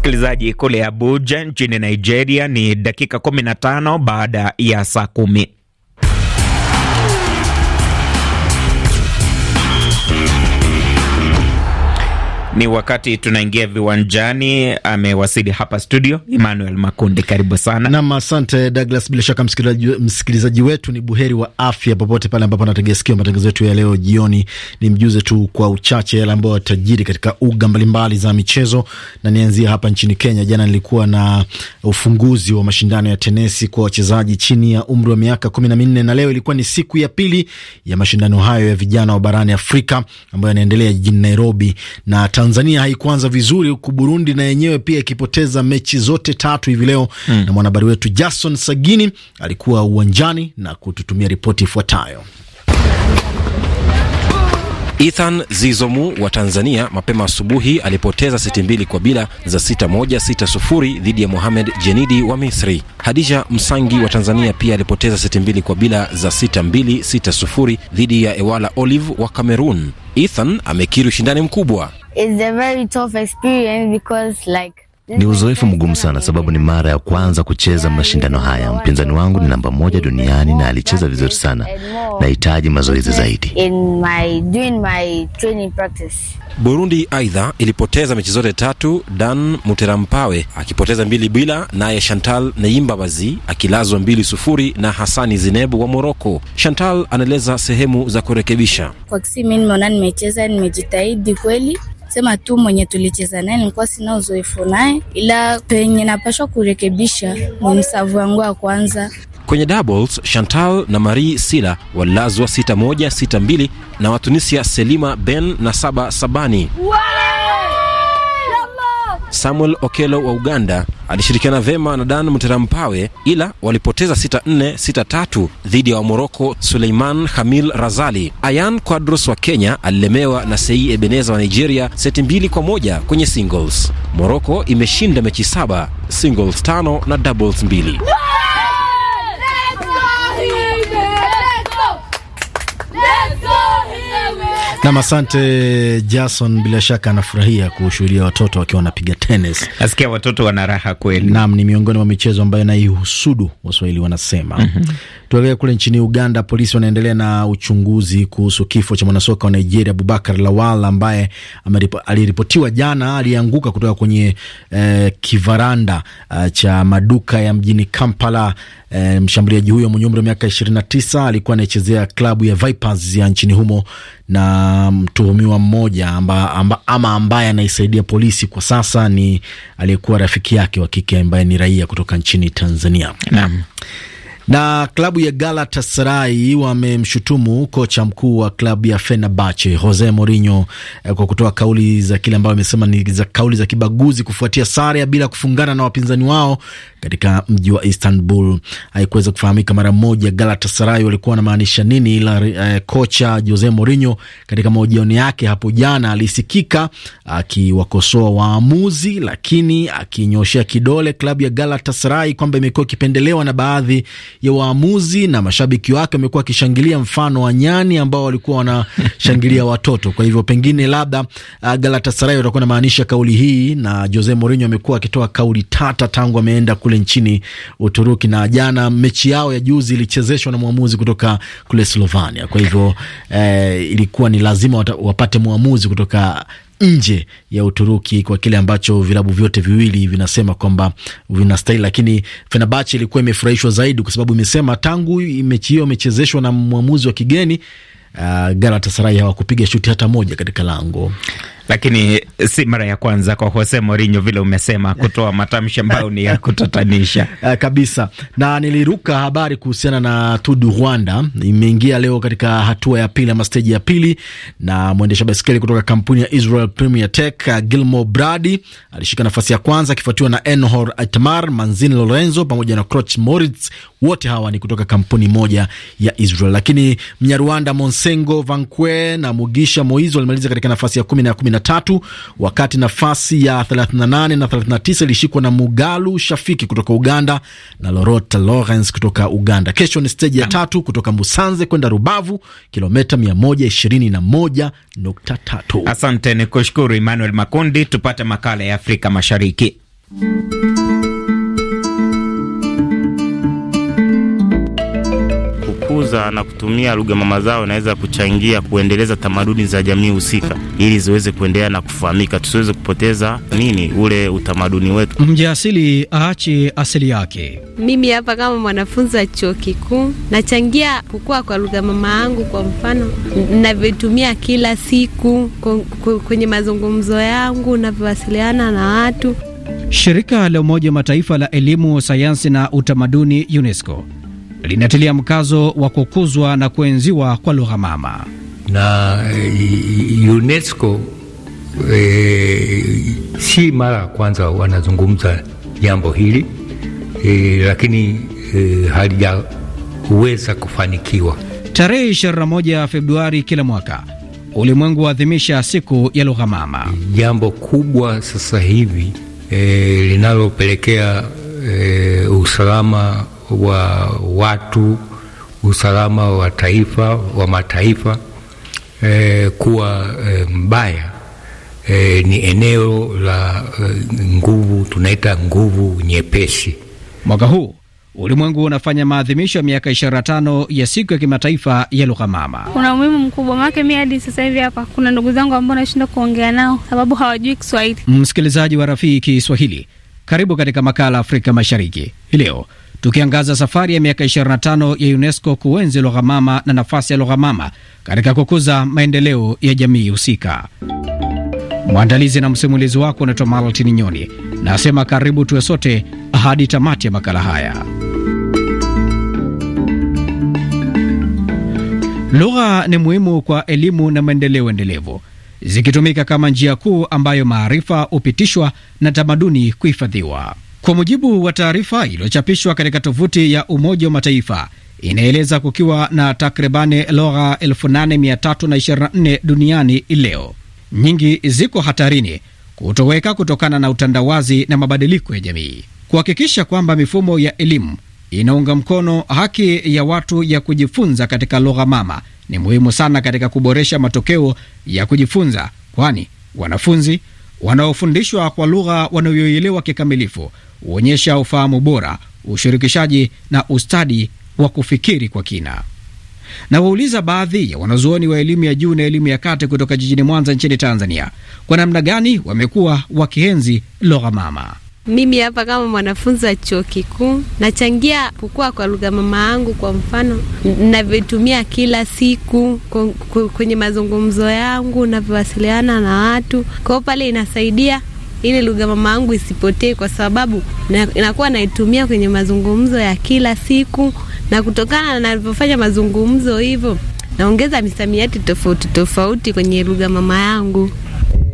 Msikilizaji, kule Abuja nchini Nigeria ni dakika 15 baada ya saa kumi. Ni wakati tunaingia viwanjani. Amewasili hapa studio Emmanuel Makundi, karibu sana nam. Asante Douglas, bila shaka msikilizaji wetu ni buheri wa afya popote pale ambapo anategea sikio matangazo yetu ya leo jioni. Ni mjuze tu kwa uchache yale ambayo watajiri katika uga mbalimbali za michezo, na nianzia hapa nchini Kenya. Jana nilikuwa na ufunguzi wa mashindano ya tenesi kwa wachezaji chini ya umri wa miaka kumi na minne na leo ilikuwa ni siku ya pili ya mashindano hayo ya vijana wa barani Afrika ambayo yanaendelea jijini Nairobi na Tanzania haikuanza vizuri, huku Burundi na yenyewe pia ikipoteza mechi zote tatu hivi leo mm. Na mwanahabari wetu Jason Sagini alikuwa uwanjani na kututumia ripoti ifuatayo. Ethan Zizomu wa Tanzania mapema asubuhi alipoteza seti mbili kwa bila za 6 dhidi ya Mohamed Jenidi wa Misri. Hadija Msangi wa Tanzania pia alipoteza seti mbili kwa bila za 6-2, dhidi ya Ewala Olive wa Cameroon. Ethan amekiri ushindani mkubwa ni uzoefu mgumu sana sababu ni mara ya kwanza kucheza mashindano haya. Mpinzani wangu ni namba moja duniani na alicheza vizuri sana. Nahitaji mazoezi zaidi. Burundi aidha ilipoteza mechi zote tatu, Dan Muterampawe akipoteza mbili bila, naye Chantal Neimbabazi akilazwa mbili sufuri na Hasani Zinebu wa Moroko. Chantal anaeleza sehemu za kurekebisha. Kwa kisi, mi nimeona nimecheza, nimejitahidi kweli sema tu mwenye tulicheza naye nilikuwa sina uzoefu naye, ila penye napashwa kurekebisha ni msavu wangu wa kwanza. Kwenye doubles Chantal na Marie Sila walazwa 6-1, na Watunisia Selima Ben na Saba Sabani Wale! Samuel Okelo wa Uganda alishirikiana vema na Dan Mterampawe, ila walipoteza 6-4 6-3 dhidi ya wa Moroko Suleiman Hamil Razali. Ayan Quadros wa Kenya alilemewa na Sei Ebeneza wa Nigeria seti mbili kwa moja kwenye singles. Moroko imeshinda mechi saba, singles tano na doubles mbili. Nam, asante Jason. Bila shaka anafurahia kushuhudia watoto wakiwa wanapiga tenis. Nasikia watoto wana raha kweli. Nam, ni miongoni mwa michezo ambayo naihusudu Waswahili wanasema. mm -hmm. Tuelekee kule nchini Uganda. Polisi wanaendelea na uchunguzi kuhusu kifo cha mwanasoka wa Nigeria Abubakar Lawal ambaye aliripotiwa jana alianguka kutoka kwenye eh, kivaranda eh, cha maduka ya mjini Kampala. E, mshambuliaji huyo mwenye umri wa miaka 29 alikuwa anaichezea klabu ya Vipers ya nchini humo, na mtuhumiwa mmoja amba, amba, ama ambaye anaisaidia polisi kwa sasa ni aliyekuwa rafiki yake wa kike ambaye ni raia kutoka nchini Tanzania. Naam. Na klabu ya Galatasaray wamemshutumu kocha mkuu wa klabu ya Fenerbahce Jose Mourinho eh, kwa kutoa kauli za kile ambayo amesema ni za kauli za kibaguzi kufuatia sare ya bila kufungana na wapinzani wao katika mji wa Istanbul. Haikuweza kufahamika mara moja Galatasaray walikuwa wanamaanisha nini, ila eh, kocha Jose Mourinho katika mahojiano yake hapo jana alisikika akiwakosoa waamuzi, lakini akinyoshea kidole klabu ya Galatasaray kwamba imekuwa ikipendelewa na baadhi ya waamuzi na mashabiki wake wamekuwa wakishangilia mfano wa nyani ambao walikuwa wanashangilia watoto. Kwa hivyo pengine labda uh, Galatasaray watakuwa maanisha kauli hii, na Jose Mourinho amekuwa akitoa kauli tata tangu ameenda kule nchini Uturuki, na jana mechi yao ya juzi ilichezeshwa na mwamuzi kutoka kule Slovenia. Kwa hivyo eh, ilikuwa ni lazima wapate mwamuzi kutoka nje ya Uturuki kwa kile ambacho vilabu vyote viwili vinasema kwamba vinastahili, lakini Fenerbahce ilikuwa imefurahishwa zaidi kwa sababu imesema tangu mechi hiyo imechezeshwa na mwamuzi wa kigeni uh, Galatasaray hawakupiga shuti hata moja katika lango. Lakini eh, si mara ya kwanza kwa Jose Mourinho vile umesema kutoa matamshi ambayo ni ya kutatanisha eh, kabisa. Na niliruka habari kuhusiana na Tour du Rwanda, imeingia leo katika hatua ya pili ama steji ya pili, na mwendesha baiskeli kutoka kampuni ya Israel Premier Tech eh, Gilmo Brady alishika nafasi ya kwanza akifuatiwa na Enhor Atmar, Manzini Lorenzo pamoja na Croch Moritz, wote hawa ni kutoka kampuni moja ya Israel. Lakini Mnyarwanda Monsengo Vanque na Mugisha Moizo walimaliza katika nafasi ya kumi na kumi na 23 wakati nafasi ya 38 na 39 ilishikwa na Mugalu Shafiki kutoka Uganda na Lorota Lawrence kutoka Uganda. Kesho ni steji ya tatu kutoka Musanze kwenda Rubavu, kilometa 121.3. Asante ni kushukuru Emmanuel Makundi. Tupate makala ya Afrika Mashariki. kuzungumza na kutumia lugha mama zao inaweza kuchangia kuendeleza tamaduni za jamii husika, ili ziweze kuendelea na kufahamika, tusiweze kupoteza nini ule utamaduni wetu. Mjasili aache asili yake. Mimi hapa kama mwanafunzi wa chuo kikuu nachangia kukua kwa lugha mama yangu, kwa mfano navyotumia kila siku kwenye mazungumzo yangu, navyowasiliana na watu. Shirika la Umoja wa Mataifa la Elimu, Sayansi na Utamaduni, UNESCO linatilia mkazo wa kukuzwa na kuenziwa kwa lugha mama na eh, UNESCO e, si mara ya kwanza wanazungumza jambo hili e, lakini e, halijaweza kufanikiwa. Tarehe 21 Februari kila mwaka ulimwengu huadhimisha siku ya lugha mama. Jambo kubwa sasa hivi e, linalopelekea e, usalama wa watu, usalama wa taifa wa mataifa e, kuwa e, mbaya e, ni eneo la e, nguvu tunaita nguvu nyepesi. Mwaka huu ulimwengu unafanya maadhimisho ya miaka 25 ya siku ya kimataifa ya lugha mama. Kuna umuhimu mkubwa maanake, mi hadi sasa hivi hapa kuna ndugu zangu ambao nashinda kuongea nao sababu hawajui Kiswahili. Msikilizaji wa rafiki Kiswahili, karibu katika makala Afrika Mashariki hii leo tukiangaza safari ya miaka 25 ya UNESCO kuenzi lugha mama na nafasi ya lugha mama katika kukuza maendeleo ya jamii husika. Mwandalizi na msimulizi wako unaitwa Maltini Nyoni, nasema karibu tuwe sote hadi tamati ya makala haya. Lugha ni muhimu kwa elimu na maendeleo endelevu, zikitumika kama njia kuu ambayo maarifa hupitishwa na tamaduni kuhifadhiwa. Kwa mujibu wa taarifa iliyochapishwa katika tovuti ya Umoja wa Mataifa, inaeleza kukiwa na takribani lugha 8324 duniani leo. Nyingi ziko hatarini kutoweka kutokana na utandawazi na mabadiliko ya jamii. Kuhakikisha kwamba mifumo ya elimu inaunga mkono haki ya watu ya kujifunza katika lugha mama ni muhimu sana katika kuboresha matokeo ya kujifunza, kwani wanafunzi wanaofundishwa kwa lugha wanayoielewa kikamilifu huonyesha ufahamu bora, ushirikishaji na ustadi wa kufikiri kwa kina. Nawauliza baadhi ya wanazuoni wa elimu ya juu na elimu ya kati kutoka jijini Mwanza nchini Tanzania, kwa namna gani wamekuwa wakienzi lugha mama. Mimi hapa kama mwanafunzi wa chuo kikuu nachangia kukua kwa lugha mama yangu. Kwa mfano, navyotumia kila siku kwenye mazungumzo yangu, navyowasiliana na watu kwao, pale inasaidia ili lugha mama yangu isipotee, kwa sababu inakuwa na, naitumia kwenye mazungumzo ya kila siku, na kutokana na nalivyofanya mazungumzo hivyo, naongeza misamiati tofauti tofauti kwenye lugha mama yangu.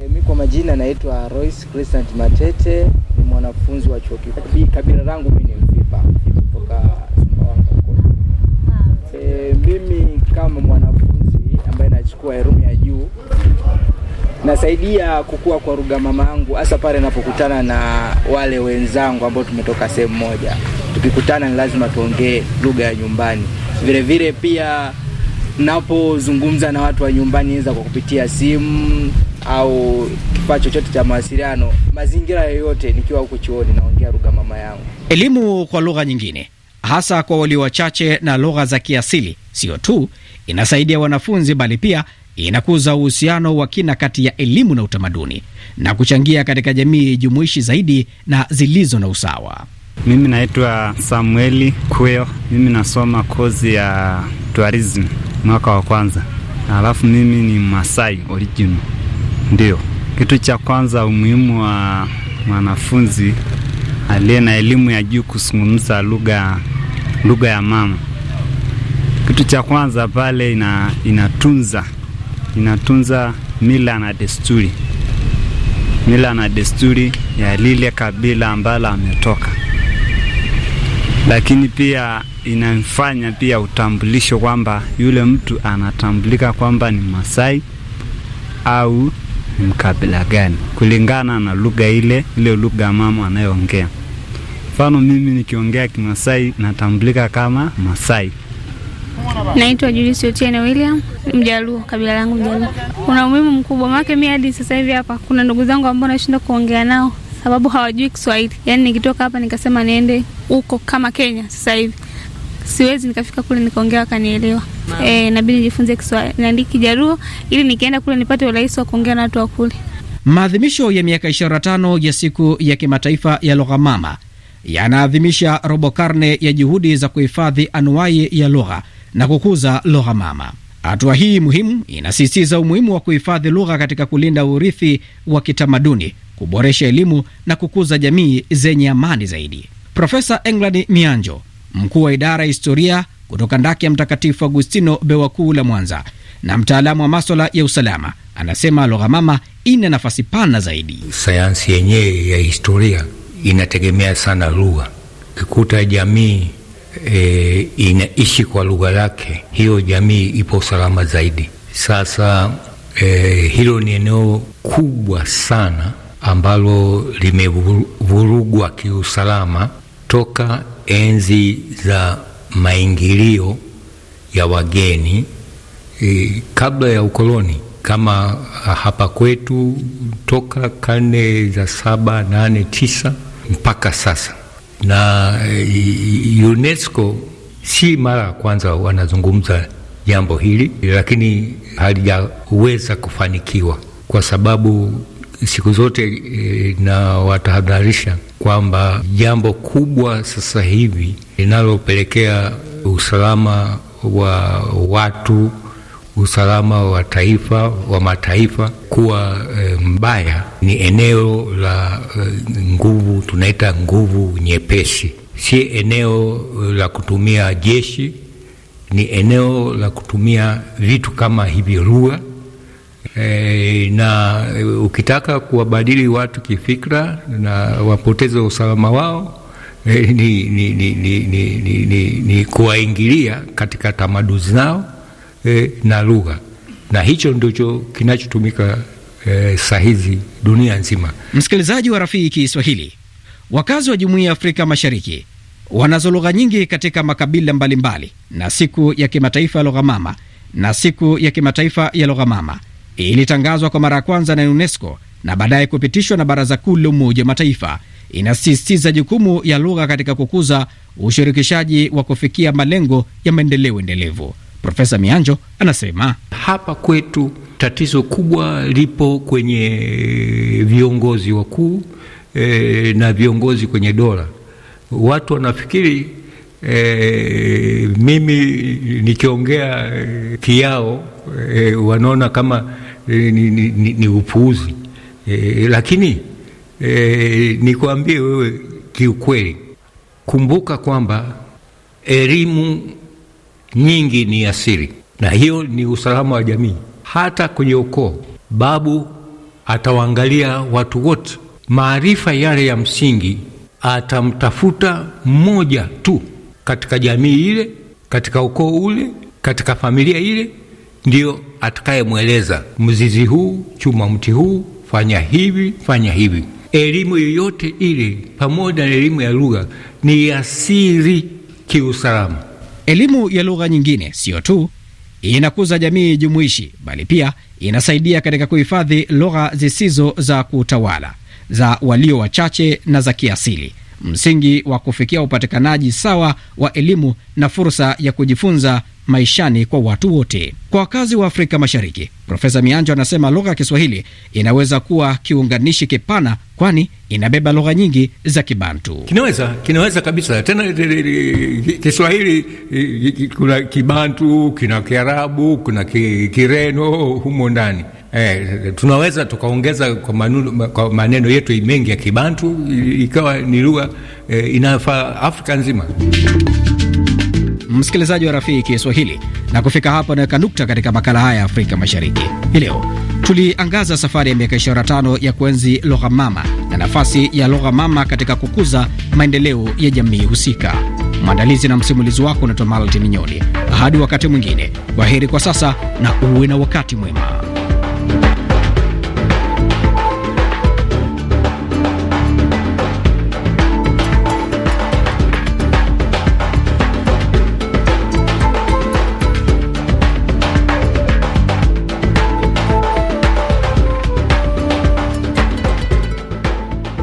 E, mi kwa majina naitwa Royce Crescent Matete mwanafunzi wa chuo kikuu. Kabila langu mimi ni Mfipa kutoka Sumbawanga huko. E, mimi kama mwanafunzi ambaye nachukua elimu ya juu nasaidia kukua kwa lugha mama yangu, hasa pale napokutana na wale wenzangu ambao tumetoka sehemu moja. Tukikutana ni lazima tuongee lugha ya nyumbani. Vile vile pia napozungumza na watu wa nyumbani, inaweza kwa kupitia simu au kifaa chochote cha mawasiliano, mazingira yoyote, nikiwa huko chuoni naongea lugha mama yangu. Elimu kwa lugha nyingine, hasa kwa walio wachache na lugha za kiasili, sio tu inasaidia wanafunzi, bali pia inakuza uhusiano wa kina kati ya elimu na utamaduni na kuchangia katika jamii jumuishi zaidi na zilizo na usawa. Mimi naitwa Samueli Kweo, mimi nasoma kozi ya tourism mwaka wa kwanza, alafu mimi ni Masai original, ndio kitu cha kwanza, umuhimu wa mwanafunzi aliye na elimu ya juu kuzungumza lugha lugha ya mama. Kitu cha kwanza pale ina, inatunza inatunza mila na desturi mila na desturi ya lile kabila ambalo ametoka, lakini pia inamfanya pia utambulisho kwamba yule mtu anatambulika kwamba ni Masai au mkabila gani, kulingana na lugha ile ile lugha mama anayoongea. Mfano, mimi nikiongea Kimasai natambulika kama Masai. Naitwa julius otiene William, Mjaluo, kabila langu Mjaluo. Kuna umuhimu mkubwa make mi hadi sasa hivi hapa kuna ndugu zangu ambao nashinda kuongea nao sababu hawajui Kiswahili. Yaani nikitoka hapa nikasema niende huko kama Kenya, sasa hivi siwezi nikafika kule nikaongea wakanielewa e, eh, nabidi nijifunze Kiswahili Kijaruo ili nikienda kule nipate urahisi wa kuongea na watu wa kule. Maadhimisho ya miaka 25 ya siku ya kimataifa ya lugha mama yanaadhimisha robo karne ya juhudi za kuhifadhi anuwai ya lugha na kukuza lugha mama. Hatua hii muhimu inasisitiza umuhimu wa kuhifadhi lugha katika kulinda urithi wa kitamaduni, kuboresha elimu na kukuza jamii zenye amani zaidi. Profesa England Mianjo, mkuu wa idara ya historia kutoka ndaki ya Mtakatifu Agustino bewa kuu la Mwanza, na mtaalamu wa maswala ya usalama anasema lugha mama ina nafasi pana zaidi. Sayansi yenyewe ya historia inategemea sana lugha. Ukikuta jamii e, inaishi kwa lugha yake, hiyo jamii ipo salama zaidi. Sasa e, hilo ni eneo kubwa sana ambalo limevurugwa kiusalama toka enzi za maingilio ya wageni e, kabla ya ukoloni kama ah, hapa kwetu toka karne za saba, nane, tisa mpaka sasa. Na e, UNESCO si mara ya kwanza wanazungumza jambo hili, lakini halijaweza kufanikiwa kwa sababu siku zote e, eh, na watahadharisha kwamba jambo kubwa sasa hivi linalopelekea usalama wa watu, usalama wa taifa, wa mataifa kuwa e, mbaya ni eneo la e, nguvu, tunaita nguvu nyepesi, si eneo la kutumia jeshi, ni eneo la kutumia vitu kama hivi lugha E, na eh, ukitaka kuwabadili watu kifikra na wapoteze usalama wao e, ni, ni, ni, ni, ni, ni, ni, ni kuwaingilia katika tamaduni zao e, na lugha, na hicho ndicho kinachotumika e, sahizi dunia nzima. Msikilizaji wa Rafiki Kiswahili, wakazi wa Jumuiya ya Afrika Mashariki wanazo lugha nyingi katika makabila mbalimbali mbali, na siku ya kimataifa ya lugha mama na siku ya kimataifa ya lugha mama ilitangazwa kwa mara ya kwanza na UNESCO na baadaye kupitishwa na Baraza Kuu la Umoja wa Mataifa, inasisitiza jukumu ya lugha katika kukuza ushirikishaji wa kufikia malengo ya maendeleo endelevu. Profesa Mianjo anasema hapa kwetu tatizo kubwa lipo kwenye viongozi wakuu e, na viongozi kwenye dola. Watu wanafikiri e, mimi nikiongea eh, kiao e, wanaona kama Eh, ni, ni, ni, ni upuuzi e, lakini e, nikuambie wewe kiukweli, kumbuka kwamba elimu nyingi ni asiri, na hiyo ni usalama wa jamii. Hata kwenye ukoo, babu atawaangalia watu wote. Maarifa yale ya msingi atamtafuta mmoja tu katika jamii ile, katika ukoo ule, katika familia ile, ndio atakayemweleza mzizi huu, chuma mti huu, fanya hivi, fanya hivi. Elimu yoyote ile, pamoja na elimu ya lugha, ni asiri kiusalama. Elimu ya lugha nyingine siyo tu inakuza jamii jumuishi, bali pia inasaidia katika kuhifadhi lugha zisizo za kutawala za walio wachache na za kiasili, msingi wa kufikia upatikanaji sawa wa elimu na fursa ya kujifunza maishani kwa watu wote. Kwa wakazi wa Afrika Mashariki, Profesa Mianjo anasema lugha ya Kiswahili inaweza kuwa kiunganishi kipana, kwani inabeba lugha nyingi za Kibantu. Kinaweza, kinaweza kabisa. Tena eh, eh, eh, Kiswahili kuna Kibantu, kuna Kiarabu, kuna Kireno humo ndani. Eh, tunaweza tukaongeza kwa, kwa maneno yetu mengi ya Kibantu ikawa ni lugha eh, inayofaa Afrika nzima msikilizaji wa rafiki Kiswahili, na kufika hapa naweka nukta katika makala haya ya Afrika Mashariki hii leo. Tuliangaza safari ya miaka 25 ya kuenzi lugha mama na nafasi ya lugha mama katika kukuza maendeleo ya jamii husika. Mwandalizi na msimulizi wako unaitwa Maltin Nyoni. Hadi wakati mwingine, heri kwa sasa na uwe na wakati mwema.